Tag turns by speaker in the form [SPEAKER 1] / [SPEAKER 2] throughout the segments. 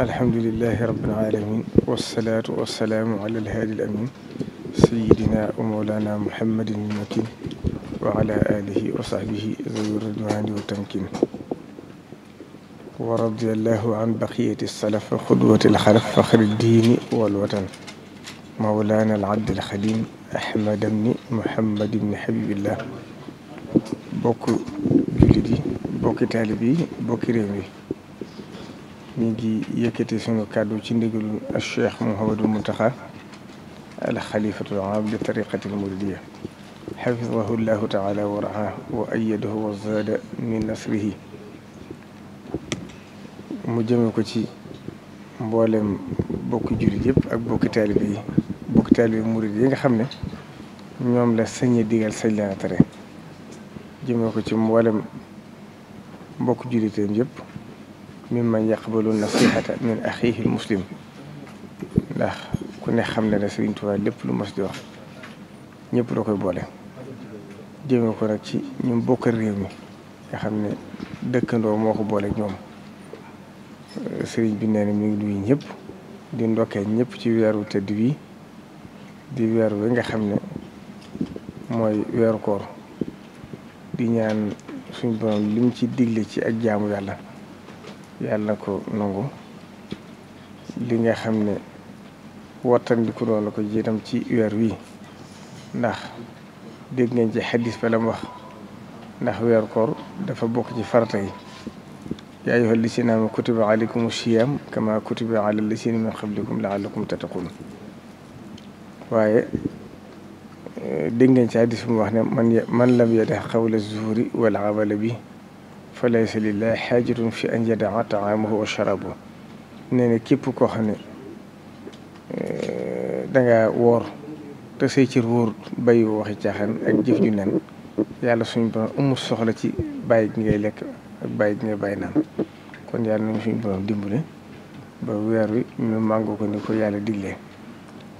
[SPEAKER 1] alhamdulilahi rabbil alamin wasalaatu wasalaamu ala alhaadi al amin sayidina wa mawlana muhammadin al makin wa ala alihi wa sahbihi zawi ridwani wa tamkin wa radiallahu an baqiyati salaf wa xudwati alxalaf faxri diini walwatan mawlana al abd al xadim ahmad ibni muhammad ibni habibillah bokk jullit yi bokki taalib yi bokki réew mi ñu ngi yëkkati ci ndigalu Cheikh Mouhamadou Mountakha mu jëme ko ci mboolem bokk jullit yëpp ak bokki taalibe yi bokki taalibe murid yi nga xam ne ñoom la sañe digal sañ leen a jëme ko ci mboolem bokki julliteen yëpp mimman yaqbalu nasihata min axihi muslim ndax ku ne xam ne ne Sëriñ Tuubaa lépp lu mas di wax ñëpp da koy boole jëmee ko nag ci ñu bokkal réew mi nga xam ne dëkkandoo moo ko boole ñoom sëriñ bi nee na mi ngi nuyu ñëpp di ndokkee ñëpp ci weeru tëdd wi di weer wi nga xam ne mooy weeru koor di ñaan suñ borom lim ci digle ci ak jaamu yàlla yàlla na ko nangu li nga xam ne wattandiku noonu ko jiitam ci weer wi ndax dégg ngeen ci xaddis ba wax ndax weer koor dafa bokk ci farata yi yaa ayyuha llazina aamanu kutiba alaykumu siyaam kama kutiba ala llazina min qablikum laallakum tattaqun waaye eh, dégg ngeen ci xaddis bi mu wax ne man man lam yada qawla zuhuri wal amala bi fa laysa lillahi xaajatun fi an yadaa taamahu wa sharabu nee na képp koo xam ne eh, danga woor te say cër wóor bàyyi waxi caaxaan ak jëf ju nen yàlla suñu borom amul soxla ci bàyyi gi ngay lekk ak bàyyi gi ngay bàyyi naan kon yàlla nañu suñu borom dimbale ba weer wi ñu màngoo ko ni ko yàlla diglee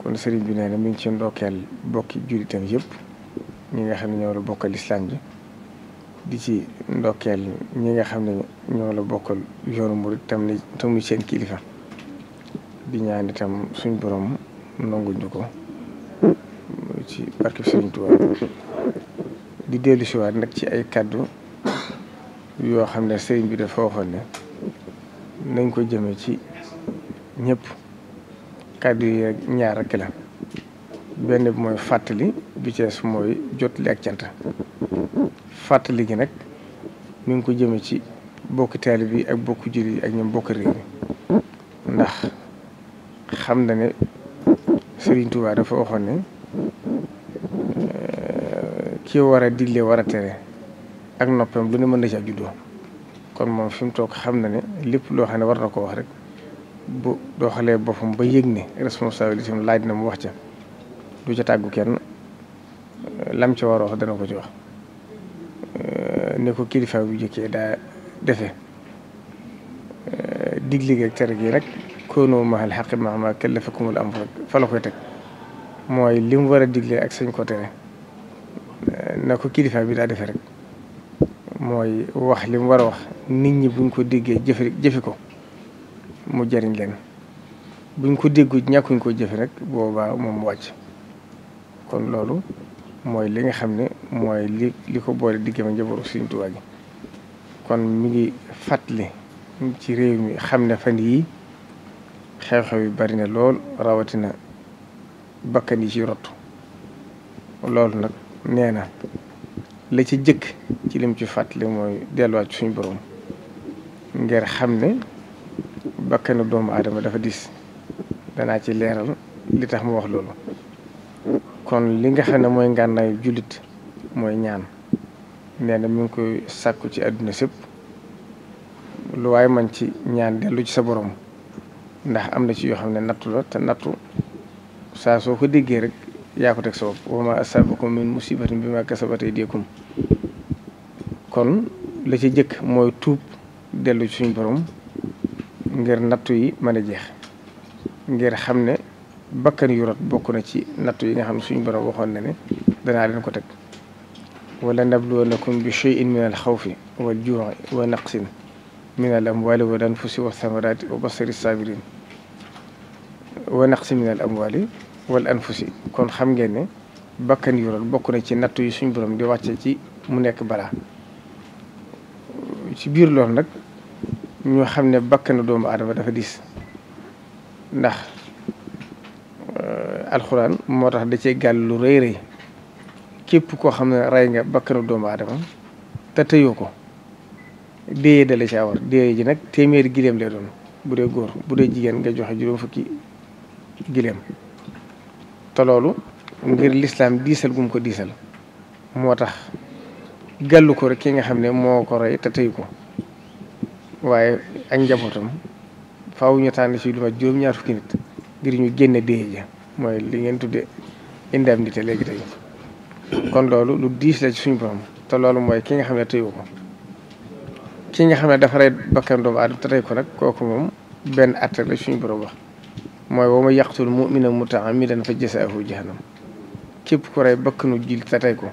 [SPEAKER 1] kon sëriñ bi nee na mi ngi ci ndokkeel bokki jullitam yëpp ñu nga xam ne ñoo la bokkal islam ji di ci ndokkeel ñi nga xam ne ñoo la bokkal yoonu murit tam ni tamuy seen kilifa di ñaan itam suñ borom nanguñu ko ci barke Sëriñ Tuubaa di dellu nag ci ay kàddu yoo xam ne sëriñ bi dafa waxoon ne nañ ko jëme ci ñëpp kàddu yi ñaar rekk la benn bi mooy fàttali bi cees mooy jotli ak cant fàttali gi nag mi ngi ko jëme ci bokki taalibe bi ak bokki jullit yi ak ñoom bokk réew mi ndax xam na ne Sëriñ Tuubaa dafa waxoon ne euh, ki war a digle war a tere ak noppam lu ne mën na ci ab juddoo kon moom fi mu toog xam na ne lépp loo xam ne war na ko wax rek bu doxalee boppam ba yëg ne responsabilité laaj na mu wax ca du ca tàggu kenn lam ca war a wax dana ko ci wax ne ko kilifa bu jëkkee daa defe eh, digle gi ak tere gi rek koonoo mahal xaqi mahma kallafakumul am rek fa la koy teg mooy li mu war a digle ak sañ ko tere eh, na ko kilifa bi daa defe rek mooy wax li mu war a wax nit ñi buñ ko diggee jëfe jëfe ko mu jariñ leen buñ ko déggu ñàkkuñ ko jëfe rek boobaa moo wàcc kon loolu mooy li nga xam ne mooy li li ko boole diggam ak njabootu Sëriñ Tuubaa gi kon mu ngi fàttali ci réew mi xam ne fan yii xew-xew yi bari na lool rawatina bakkan yi ci rot loolu nag nee na la ci jëkk ci lim ci fàttali mooy delluwaat suñu borom ngir xam ne bakkanu doomu aadama dafa dis danaa ci leeral li tax mu wax loolu kon li nga xam ne mooy ngànnaayu jullit mooy ñaan nee na mi ngi koy sàkku ci àdduna sépp lu waaye man ci ñaan dellu ci sa boroom ndax am na ci yoo xam ne nattu la te nattu saa soo ko déggee rek yaa ko teg sa bopp wa ma asabakum min musibatin bi ma kasabat aydikum kon la ci jëkk mooy tuub dellu ci suñ boroom ngir nattu yi mën a jeex ngir xam ne bakkan yu bokk na ci nattu yi nga xam suñu borom waxoon na ne danaa leen ko teg wala nabluwannakum bi shay'in min al xawfi wal juu'i wa naqsin min al amwali wal anfusi wa thamarati wa basiri sabirin wa naqsin min al amwali kon xam ngeen ne bakkan yu rot na ci nattu yi suñu borom di wàcce ci mu nekk balaa ci biir loolu nag ñu xam ne bakkan doomu aadama dafa diis ndax alxuraan moo tax da cee gàll lu rëy rëy képp koo xam ne rey nga bakkanu doomu aadama te tëyoo ko déye dale ci awar déye ji nag téeméeri gileem lay doon bu dee góor bu dee jigéen nga joxe juróom fukki gileem te loolu ngir lislaam diisal gum ko diisal moo tax gàllu ko rek ki nga xam ne moo ko rey te tëyu ko waaye ak njabootam faaw ñu tànn ci lu ma juróom-ñaar fukki nit ngir ñu génn déye ja mooy li ngeen tudde indemnité léegi tey kon loolu lu diis la ci suñu borom te loolu mooy ki nga xam ne tëyu ko ki nga xam ne dafa rey bakkan doomu ko nag kooku moom benn at la suñu borom wax mooy wa ma yaqtul mu'mina muta'ammidan fa jazaa'uhu jahannam képp ku rey bakkanu jil te ko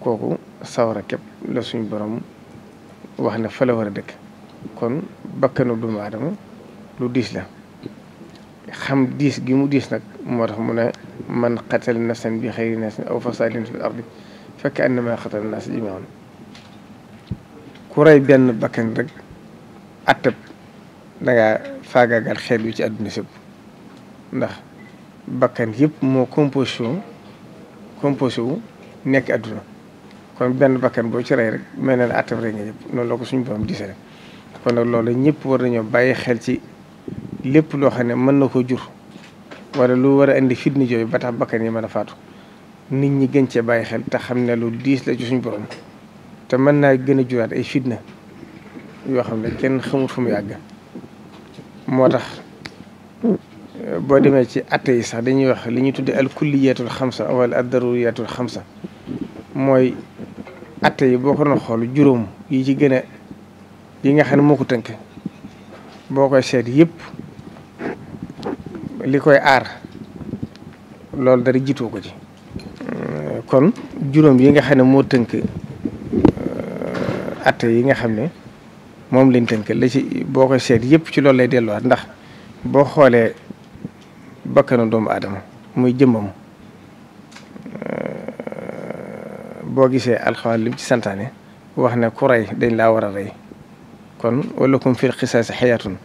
[SPEAKER 1] kooku sawara képp la suñu borom wax ne fa war a dëkk kon bakkanu doomu aadama lu diis la xam diis gi mu diis nag moo tax mu ne man xatal nafsan bi xëyri nafsin aw fasadin fil ardi fekk annama xatal naas jamiian ku rey benn bakkan rek attab dangaa faagaagal xeet wi ci àdduna sëpp ndax bakkan yëpp moo composé wu composé wu nekk àdduna kon benn bakkan boo ci rey rek mel na ne attab rey nga yëpp noonu la ko suñu borom diisale kon loolu ñëpp war nañoo bàyyi xel ci lépp loo xam ne mën na koo jur wala lu war a indi fitna jooyu ba tax bakkan yi mën a faatu nit ñi gën cee bàyyi xel te xam ne lu diis la ci suñ borom te mën naa gën a juraat ay fitna yoo xam ne kenn xamul fu mu yàgg moo tax euh, boo demee ci atte yi sax dañuy wax li ñuy tudde al kulliyatul xamsa wala ad xam sa mooy atte yi boo ko doon xool juróom yi ci gën a yi nga xam ne moo ko tënk boo koy seet yëpp li koy aar loolu dara jiitoo ko ci kon juróom yi nga xam ne moo tënk euh, atte yi nga xam ne moom lañ tënk la ci boo koy seet yëpp ci loolu lay delluwaat ndax boo xoolee bakkanu doomu adama muy jëmmam euh, boo gisee alxames lim ci santaane wax ne ku rey dañ laa war a rey kon wala kum fil xisaasi xayaatun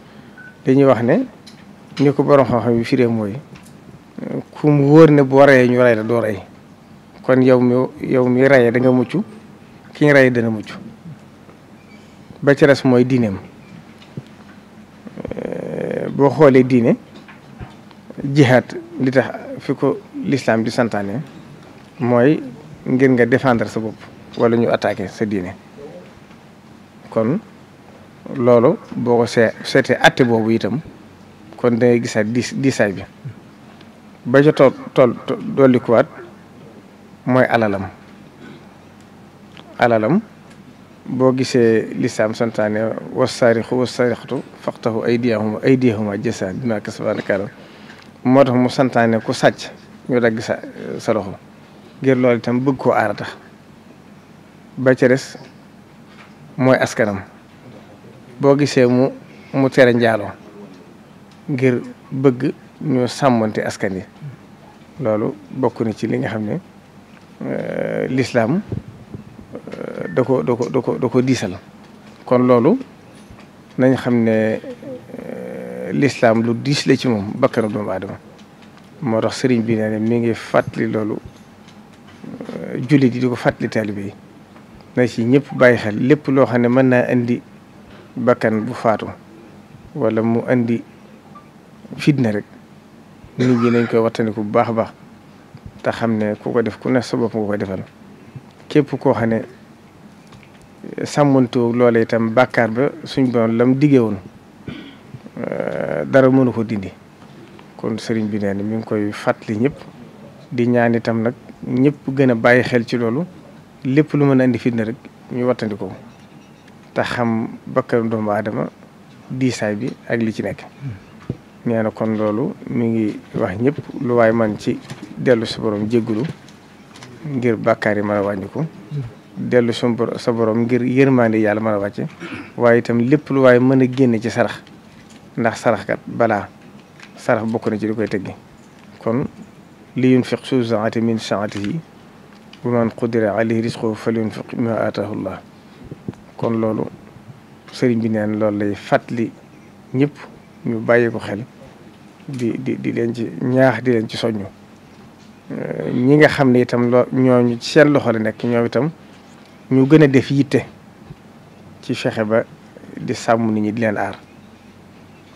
[SPEAKER 1] dañuy wax ne ni ko borom xam-xam yi firee mooy ku mu wóor ne boo rayee ñu ray la doo rey kon yow mi yow mi rayee da nga mucc ki ñu dana mucc ba ci mooy diineem eh, boo xoolee diine jihaat li tax fi ko lislaam di santaane mooy ngir nga défendre sa bopp wala ñu attaque sa diine kon loolu boo ko see seetee atte boobu itam kon da ngay gisaat diis diisaay bi ba ca tool tool dollikuwaat mooy alalam alalam boo gisee lislaam santaane wasaarixu wasaarixatu faqtahu aydiyahuma aydiyahuma jasa bima kasabana kaala moo tax mu santaane ku sàcc ñu dagg sa sa loxo ngir loolu itam bëgg ko aara tax mooy askanam boo gisee mu mu tere njaaloo ngir bëgg ñoo sàmmante askan yi loolu bokk ci li nga xam ne euh, lislaam euh, da ko da ko da ko diisal kon loolu nañ xam ne euh, lislaam lu diis la ci moom bakkanu doomu aadama moo tax sëriñ bi nee ne mi ngi fàttali loolu jullit yi di ko fàttali taalibe yi na ci ñëpp bàyyi xel lépp loo xam ne mën naa indi bakkan bu faatu wala mu indi fitna rek nit ñi nañ koy wattandiku bu baax a baax te xam ne ku ko def ku ne sa bopp nga koy defal képp koo xam ne sàmmantu loola itam bàkkaar ba suñ borom lam diggee woon euh, dara mënu ko dindi kon sëriñ bi nee mu ngi koy fàttali ñëpp di ñaan itam nag ñëpp gën a bàyyi xel ci loolu lépp lu mën a indi fitna rek ñu wattandikoo te xam bakkaru doomu aadama diisaay bi ak li ci nekk nee na kon loolu mi ngi wax ñëpp lu waaye man ci dellu sa borom jéggulu ngir bàkkaar yi mën a wàññiku dellu sa borom ngir yërmande yàlla mën a wàcce waaye itam lépp lu waaye mën a génne ci sarax ndax saraxkat balaa sarax bokk na ci di koy teggi kon li yunfiq su saati min saatihi wa man qudira alayhi risquhu falyunfiq mimma aataahu llah kon loolu sëriñ bi neen loolu lay fàttali ñëpp ñu bàyyi ko xel di di di leen ci ñaax di leen ci soññu euh, ñi nga xam ne itam loo ñooñu ci seen loxo la nekk ñoom itam ñu gën a def yitte ci fexe ba di sàmm nit ñi di leen aar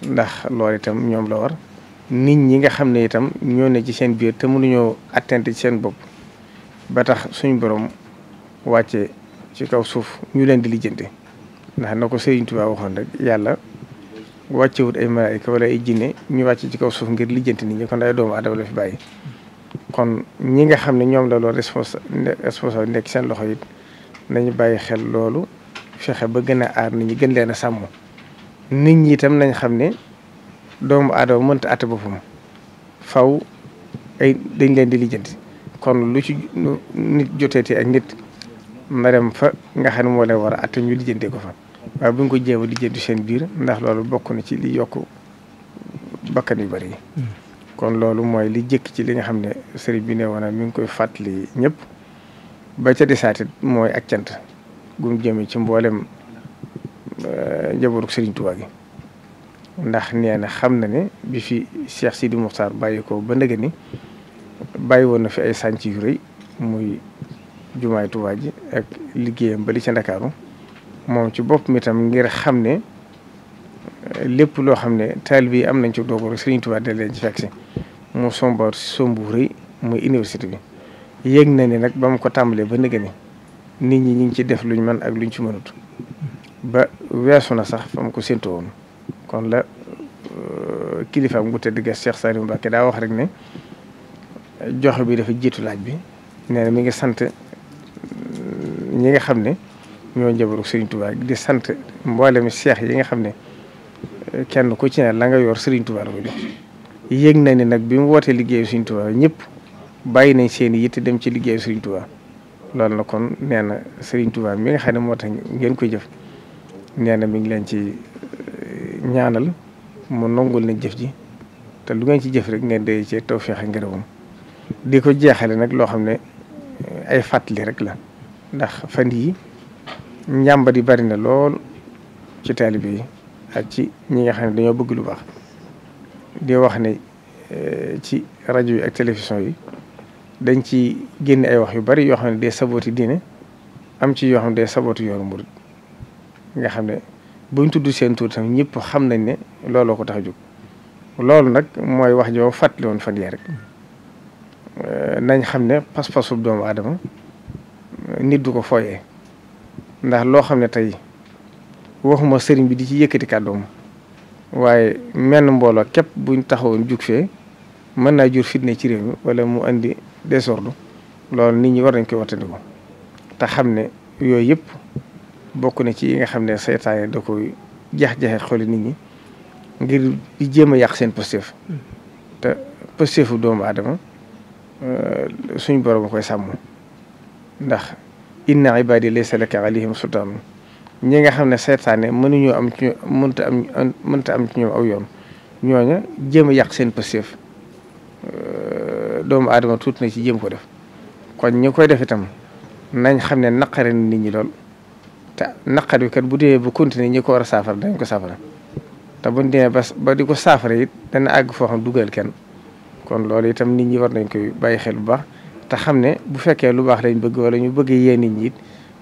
[SPEAKER 1] ndax loolu itam ñoom la war nit ñi nga xam ne itam ñoo ne ci seen biir te mënuñoo attente ci seen bopp ba tax suñu borom wàcce ci kaw suuf ñu leen di lijjanti ndax na ko Sëriñ Tuubaa rek yàlla wàccewut ay malaayika wala ay jinne ñu wàcc ci kaw suuf ngir lijjanti nit ñi kon day doomu aadama la fi bàyyi kon ñi nga xam ne ñoom la loolu responsable nekk seen loxo it nañu bàyyi xel loolu fexe ba gën a aar nit ñi gën leen a sàmm nit ñi itam nañ xam ne doomu aadama mënta àtte boppam faw ay dañ leen di lijjanti kon lu ci nit joteeti ak nit na dem fa nga xam ne moo leen war a àtte ñu lijjantee ko fa waaye bu ñu ko jéem a lijjanti seen biir ndax loolu bokk na ci li yokk bakkan yu bari yi hmm. kon loolu mooy li jëkk ci li nga xam ne sëriñ bi ne woon mi ngi koy fàttali ñëpp ba ca mooy ak cant gum jëmee ci mboolem euh, njabootu sëriñ Tuubaa yi ndax nee na xam na ne bi fi Cheikh Sidi Moukhtar bàyyi ko ba ndëgë ni bàyyi woon na fi ay sànc yu rëy muy jumaay Tuubaa ji ak liggéeyam ba li ca Ndakaaru moom ci bopp mi tam ngir xam ne eh, lépp loo xam ne taalibe yi am nañ ci doog rek Sëriñ Tuubaa da leen ci fekk si sombu rëy muy université bi yëg na ne nag ba mu ko tàmbalee ba nëgë nit ñi ñu ngi ci def luñ mën ak luñ ci mënut ba weesu na sax fa ko séntu woon kon la euh, kilifaam gu tëdd ga Cheikh Saliou Mbacké daa wax rek ne joxe bi dafa jiitu laaj bi mi ngi sant mm, ñi xam ne ñoo njabaru Serigne Touba di sant mboolemi seex yi nga xam ne eh, kenn ku ci ne la nga yor Serigne Touba na ne nag bi mu wootee liggéeyu Serigne ñëpp bàyyi nañ seen i dem ci liggéeyu Serigne loolu na kon nee na Serigne Touba mi nga xam ne moo tax ngeen koy jëf nee na mi ngi leen ci eh, ñaanal mu nongul nañ jëf ji te lu ngeen ci jëf rek ngeen day cee tawfeex ak ngërëmam di ko jeexale nag loo xam ne eh, ay fàttali rek la ndax fan yi njàmbat yi bari na lool ci taalibe yi ak ci ñi nga xam ne dañoo bëgg lu baax di wax ne eh, ci rajo yi ak télévision yi dañ ci génne ay wax yu bari yoo xam ne day sabooti diine am ci yoo xam ne day sabooti yoonu murid nga xam ne buñ tudd seen tur tam ñëpp xam nañ ne looloo ko tax a jóg loolu nag mooy wax joo fàttali woon fan yee rek eh, nañ xam ne pas-pasu doomu aadama nit du ko fooyee ndax loo xam ne tey waxuma sëriñ bi di ci yëkkati kàddoom waaye menn mbooloo képp buñ taxawoon jug fee mën naa jur fitne ci réew mi walla mu indi désordre loolu nit ñi war nañ koy wattandiku te xam ne yooyu yëpp bokk na ci yi nga xam ne seytaane da koy jax-jaxe xoli nit ñi ngir di jéem a yàq seen pëstéef mm-hmm. te pëstéefu doomu aadama euh, suñ borom a koy sàmm ndax inna ibadi laysa laka alayhim sultaan ñi nga xam ne seytaane mënuñoo am ci mënta am mënta am ci ñoom aw yoon ñooña jéem a yàq seen pësteef euh, doomu adama tuuti na ci jéem ko def kon ñi koy def itam nañ xam ne naqare na nit ñi lool te naqar bi kat bu dee bu continuer ñi ko war a saafara dañ ko saafara te buñ demee ba ba di ko saafara it dana àgg foo xam dugal kenn kon loolu itam nit ñi war nañ koy bàyyi xel bu baax te xam ne bu fekkee lu baax lañ bëgg wala ñu bëgg yee nit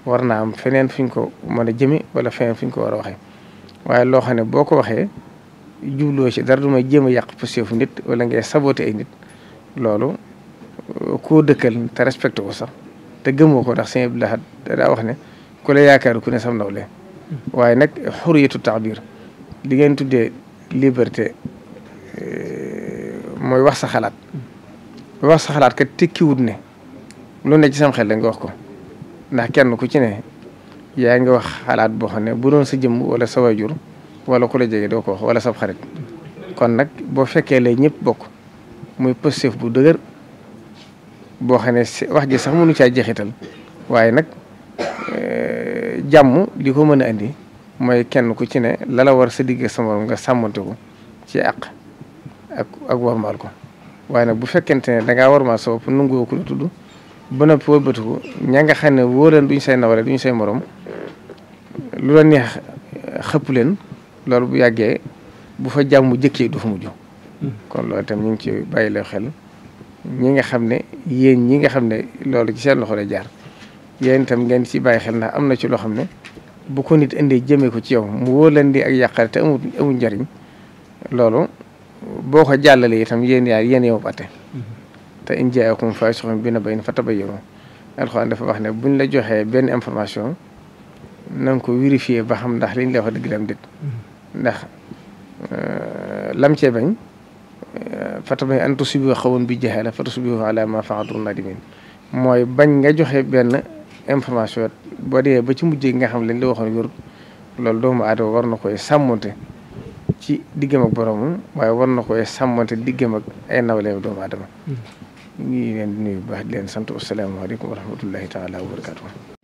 [SPEAKER 1] war na am feneen fi ñu ko mën a jëme wala feneen fi ñu ko war a waxee waaye loo xam ne boo ko waxee jubloo ci dara du may jéem a yàq positif nit wala ngay saboté ay nit loolu euh, ko dëkkal te respecté ko sax te gëmoo ko ndax sëñ Abdou Lahad daa wax ne ku la yaakaar ku ne sam nawle waaye nag xuriyatu taabir li ngeen tuddee liberté euh, mooy wax sa xalaat wax sa xalaat kat tekkiwut ne lu ne ci sam xel nga wax ko ndax kenn ku ci ne yaa ngi wax xalaat boo xam ne bu doon sa jëmm wala sa waajur wala ku la jege doo ko wax wala sab xarit kon nag boo fekkee lay ñëpp bokk muy positif bu dëgër boo xam ne wax ji sax mënu caa jeexital waaye nag eh, jàmm li ko mën a indi mooy kenn ku ci ne lala war sa digg sa morom nga sàmmante ko ci àq ak ak warmaal ko waaye nag bu fekkente ne da ngaa war maa sabab nungoo ko la tudd ba noppi wëlbatiku ña nga xam ne wóoral duñ say nawale duñ say morom lu la neex xëpp leen loolu bu yàggee bu fa jàmm jëkkee du fa mujj. kon loolu itam ñu ngi ci bàyyi loo xel ñi nga xam ne yéen ñi nga xam ne loolu ci seen loxo lay jaar yéen itam ngeen ci bàyyi xel ndax am na ci loo xam ne bu ko nit indee jëmee ko ci yow mu wóor leen di ak yàqare te amul njariñ loolu. boo ko jàllalee itam yéen yaar yéen yow atte te in jaakum faasiqun bi naba'in fatabayyanu alxuraan dafa wax ne buñ la joxe benn information na nga ko vérifier ba xam ndax liñ la wax dëgg la am déet ndax euh, lam cee bañ euh, fatabayyanu an tusiibu qawman bi jahaala fatusbihu alaa maa fa'altum naadimiin mooy bañ nga joxe benn information boo dee ba ci mujjee nga xam lañ la waxoon wér loolu doomu aadama war na koy sàmmonte ci diggam ak boromam waaye war na koy sàmmante diggam ak ay nawleem doomu aadama hmm. ñu ngi leen di nuyu bu baax di leen sant asalaamaaleykum wa ta taala wa barakaatu